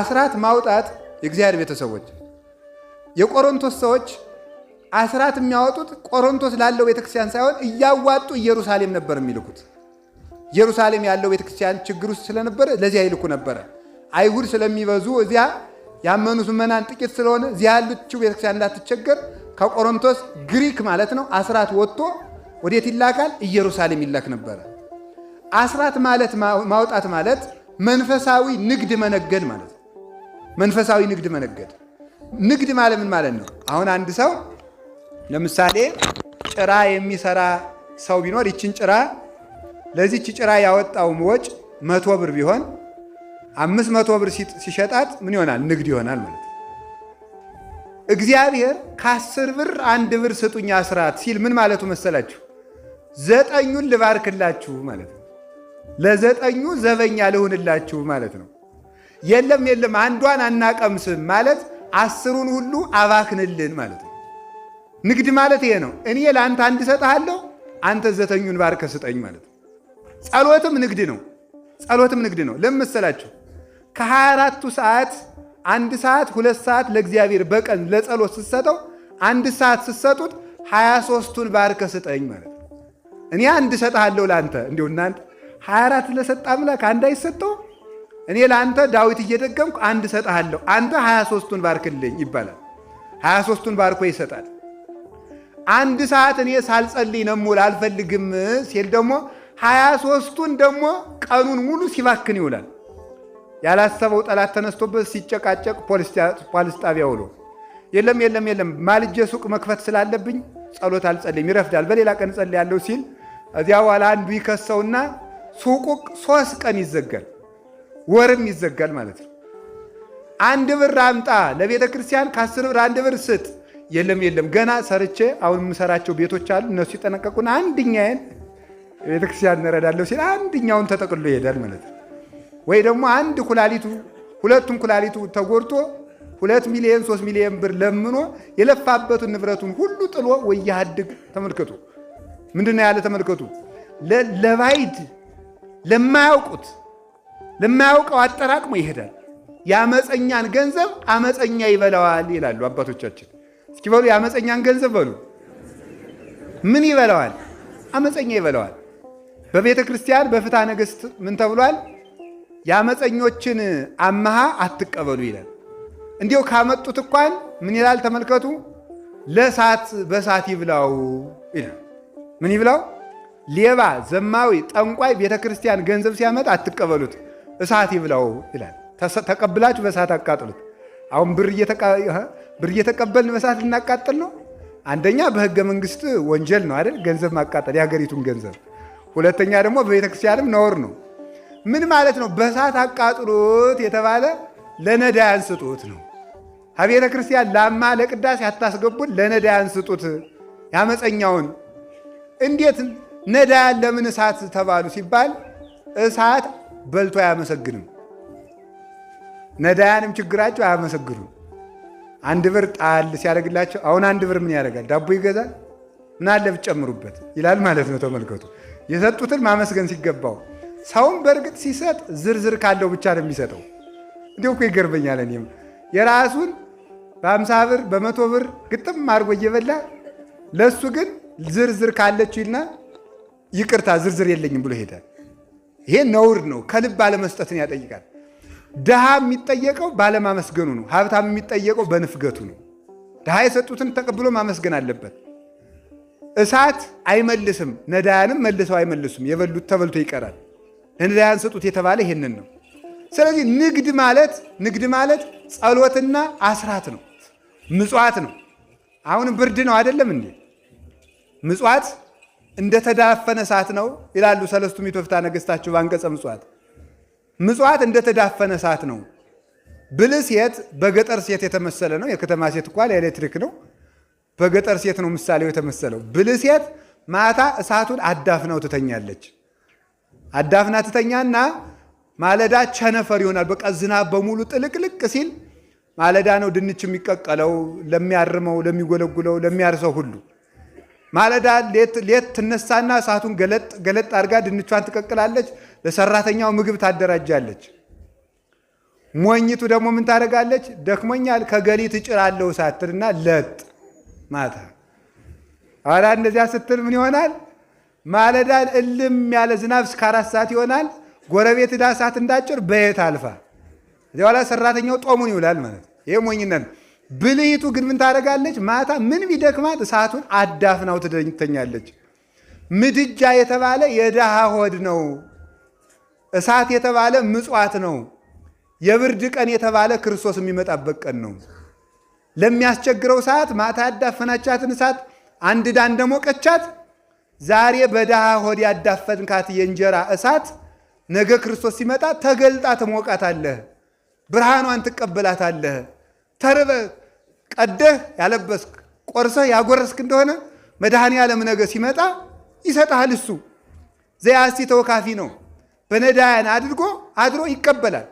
አስራት ማውጣት የእግዚአብሔር ቤተሰቦች የቆሮንቶስ ሰዎች አስራት የሚያወጡት ቆሮንቶስ ላለው ቤተክርስቲያን ሳይሆን እያዋጡ ኢየሩሳሌም ነበር የሚልኩት። ኢየሩሳሌም ያለው ቤተክርስቲያን ችግር ውስጥ ስለነበረ ለዚያ ይልኩ ነበረ። አይሁድ ስለሚበዙ እዚያ ያመኑት ምዕመናን ጥቂት ስለሆነ እዚያ ያሉችው ቤተክርስቲያን እንዳትቸገር ከቆሮንቶስ ግሪክ ማለት ነው አስራት ወጥቶ ወዴት ይላካል? ኢየሩሳሌም ይላክ ነበረ። አስራት ማለት ማውጣት ማለት መንፈሳዊ ንግድ መነገድ ማለት መንፈሳዊ ንግድ መነገድ። ንግድ ማለት ምን ማለት ነው? አሁን አንድ ሰው ለምሳሌ ጭራ የሚሰራ ሰው ቢኖር ይችን ጭራ ለዚች ጭራ ያወጣው ወጭ መቶ ብር ቢሆን አምስት መቶ ብር ሲሸጣት ምን ይሆናል? ንግድ ይሆናል ማለት ነው። እግዚአብሔር ከአስር ብር አንድ ብር ስጡኝ አስራት ሲል ምን ማለቱ መሰላችሁ? ዘጠኙን ልባርክላችሁ ማለት ነው። ለዘጠኙ ዘበኛ ልሁንላችሁ ማለት ነው። የለም የለም አንዷን አናቀምስም ማለት አስሩን ሁሉ አባክንልን ማለት ነው። ንግድ ማለት ይሄ ነው። እኔ ለአንተ አንድ እሰጥሃለሁ፣ አንተ ዘጠኙን ባርከ ስጠኝ ማለት ነው። ጸሎትም ንግድ ነው። ጸሎትም ንግድ ነው። ለምን መሰላችሁ? ከሀያ አራቱ ሰዓት አንድ ሰዓት ሁለት ሰዓት ለእግዚአብሔር በቀን ለጸሎት ስትሰጠው አንድ ሰዓት ስትሰጡት ሀያ ሶስቱን ባርከ ስጠኝ ማለት ነው። እኔ አንድ እሰጥሃለሁ ለአንተ እንዲሁ እናንተ ሀያ አራት ለሰጥ አምላክ አንድ አይሰጠውም እኔ ለአንተ ዳዊት እየደገምኩ አንድ እሰጥሃለሁ፣ አንተ ሀያ ሦስቱን ባርክልኝ ይባላል። ሀያ ሦስቱን ባርኮ ይሰጣል። አንድ ሰዓት እኔ ሳልጸልይ ነው የምውል አልፈልግም ሲል ደግሞ ሀያ ሦስቱን ደግሞ ቀኑን ሙሉ ሲባክን ይውላል። ያላሰበው ጠላት ተነስቶበት ሲጨቃጨቅ ፖሊስ ጣቢያ ውሎ የለም የለም የለም ማልጄ ሱቅ መክፈት ስላለብኝ ጸሎት አልጸልይም ይረፍዳል፣ በሌላ ቀን እጸልያለሁ ሲል እዚያ በኋላ አንዱ ይከሰውና ሱቁ ሶስት ቀን ይዘጋል። ወርም ይዘጋል ማለት ነው። አንድ ብር አምጣ ለቤተ ክርስቲያን ከአስር ብር አንድ ብር ስጥ። የለም የለም ገና ሰርቼ አሁን የምሰራቸው ቤቶች አሉ እነሱ ይጠነቀቁን፣ አንድኛዬን ቤተ ክርስቲያን እንረዳለሁ ሲል አንድኛውን ተጠቅሎ ይሄዳል ማለት ነው። ወይ ደግሞ አንድ ኩላሊቱ ሁለቱን ኩላሊቱ ተጎድቶ ሁለት ሚሊዮን ሶስት ሚሊዮን ብር ለምኖ የለፋበትን ንብረቱን ሁሉ ጥሎ ወያድግ ተመልከቱ። ምንድን ነው ያለ? ተመልከቱ ለባይድ ለማያውቁት ለማያውቀው አጠራቅሞ ይሄዳል። የአመፀኛን ገንዘብ አመፀኛ ይበላዋል ይላሉ አባቶቻችን። እስኪ በሉ የአመፀኛን ገንዘብ በሉ ምን ይበላዋል? አመፀኛ ይበላዋል። በቤተ ክርስቲያን በፍትሐ ነገሥት ምን ተብሏል? የአመፀኞችን አመሃ አትቀበሉ ይላል። እንዲሁ ካመጡት እንኳን ምን ይላል? ተመልከቱ። ለእሳት በእሳት ይብላው ይላል። ምን ይብላው? ሌባ፣ ዘማዊ፣ ጠንቋይ ቤተ ክርስቲያን ገንዘብ ሲያመጣ አትቀበሉት። እሳት ይብላው ይላል። ተቀብላችሁ በእሳት አቃጥሉት። አሁን ብር እየተቀበልን በእሳት ልናቃጥል ነው? አንደኛ በህገ መንግስት ወንጀል ነው አይደል? ገንዘብ ማቃጠል፣ የሀገሪቱን ገንዘብ። ሁለተኛ ደግሞ በቤተክርስቲያንም ነውር ነው። ምን ማለት ነው? በእሳት አቃጥሉት የተባለ ለነዳያን ስጡት ነው። ከቤተ ክርስቲያን ላማ ለቅዳሴ አታስገቡን፣ ለነዳያን ስጡት። ያመፀኛውን እንዴት ነዳያን ለምን እሳት ተባሉ ሲባል እሳት በልቶ አያመሰግንም። ነዳያንም ችግራቸው አያመሰግኑም። አንድ ብር ጣል ሲያደርግላቸው አሁን አንድ ብር ምን ያደርጋል? ዳቦ ይገዛል። ምን አለ ብትጨምሩበት ይላል ማለት ነው። ተመልከቱ፣ የሰጡትን ማመስገን ሲገባው ሰውም በእርግጥ ሲሰጥ ዝርዝር ካለው ብቻ ነው የሚሰጠው። እንዲሁ እኮ ይገርመኛል። እኔም የራሱን በአምሳ ብር በመቶ ብር ግጥም አድርጎ እየበላ ለእሱ ግን ዝርዝር ካለችው ይልና ይቅርታ ዝርዝር የለኝም ብሎ ሄዳል። ይሄ ነውር ነው። ከልብ ባለመስጠትን ያጠይቃል። ድሃ የሚጠየቀው ባለማመስገኑ ነው። ሀብታም የሚጠየቀው በንፍገቱ ነው። ድሃ የሰጡትን ተቀብሎ ማመስገን አለበት። እሳት አይመልስም፣ ነዳያንም መልሰው አይመልሱም። የበሉት ተበልቶ ይቀራል። ለነዳያን ሰጡት የተባለ ይሄንን ነው። ስለዚህ ንግድ ማለት ንግድ ማለት ጸሎትና አስራት ነው፣ ምጽዋት ነው። አሁን ብርድ ነው አይደለም እንዴ ምጽዋት እንደተዳፈነ እሳት ነው ይላሉ ሰለስቱ ሚትወፍታ ነገሥታቸው ባንቀጸ ምጽዋት። ምጽዋት እንደተዳፈነ እሳት ነው። ብልህ ሴት በገጠር ሴት የተመሰለ ነው። የከተማ ሴት እኳ ኤሌክትሪክ ነው። በገጠር ሴት ነው ምሳሌው የተመሰለው። ብልህ ሴት ማታ እሳቱን አዳፍናው ትተኛለች። አዳፍና ትተኛና ማለዳ ቸነፈር ይሆናል። በቃ ዝናብ በሙሉ ጥልቅልቅ ሲል ማለዳ ነው ድንች የሚቀቀለው ለሚያርመው፣ ለሚጎለጉለው፣ ለሚያርሰው ሁሉ ማለዳ ሌት ትነሳና እሳቱን ገለጥ ገለጥ አድርጋ ድንቿን ትቀቅላለች፣ ለሰራተኛው ምግብ ታደራጃለች። ሞኝቱ ደግሞ ምን ታደርጋለች? ደክሞኛል ከገሊት እጭራለሁ እሳት ለጥ ማታ አላ እንደዚያ ስትል ምን ይሆናል? ማለዳ እልም ያለ ዝናብ እስከ አራት ሰዓት ይሆናል። ጎረቤት እዳ እሳት እንዳጭር በየት አልፋ እዚያ በኋላ ሰራተኛው ጦሙን ይውላል ማለት ይሄ ሞኝነት ነው። ብልሂቱ ግን ምን ታደርጋለች? ማታ ምን ቢደክማት እሳቱን አዳፍናው ትተኛለች። ምድጃ የተባለ የድሃ ሆድ ነው። እሳት የተባለ ምጽዋት ነው። የብርድ ቀን የተባለ ክርስቶስ የሚመጣበት ቀን ነው። ለሚያስቸግረው ሰዓት ማታ ያዳፈናቻትን እሳት አንድ ዳ እንደሞቀቻት ዛሬ በድሃ ሆድ ያዳፈንካት የእንጀራ እሳት ነገ ክርስቶስ ሲመጣ ተገልጣ ትሞቃታለህ፣ ብርሃኗን ትቀበላታለህ። ተርበ ቀደህ ያለበስክ ቆርሰህ ያጎረስክ እንደሆነ መድኃኔ ዓለም ነገ ሲመጣ ይሰጥሃል። እሱ ዘያስቲ ተወካፊ ነው። በነዳያን አድርጎ አድሮ ይቀበላል።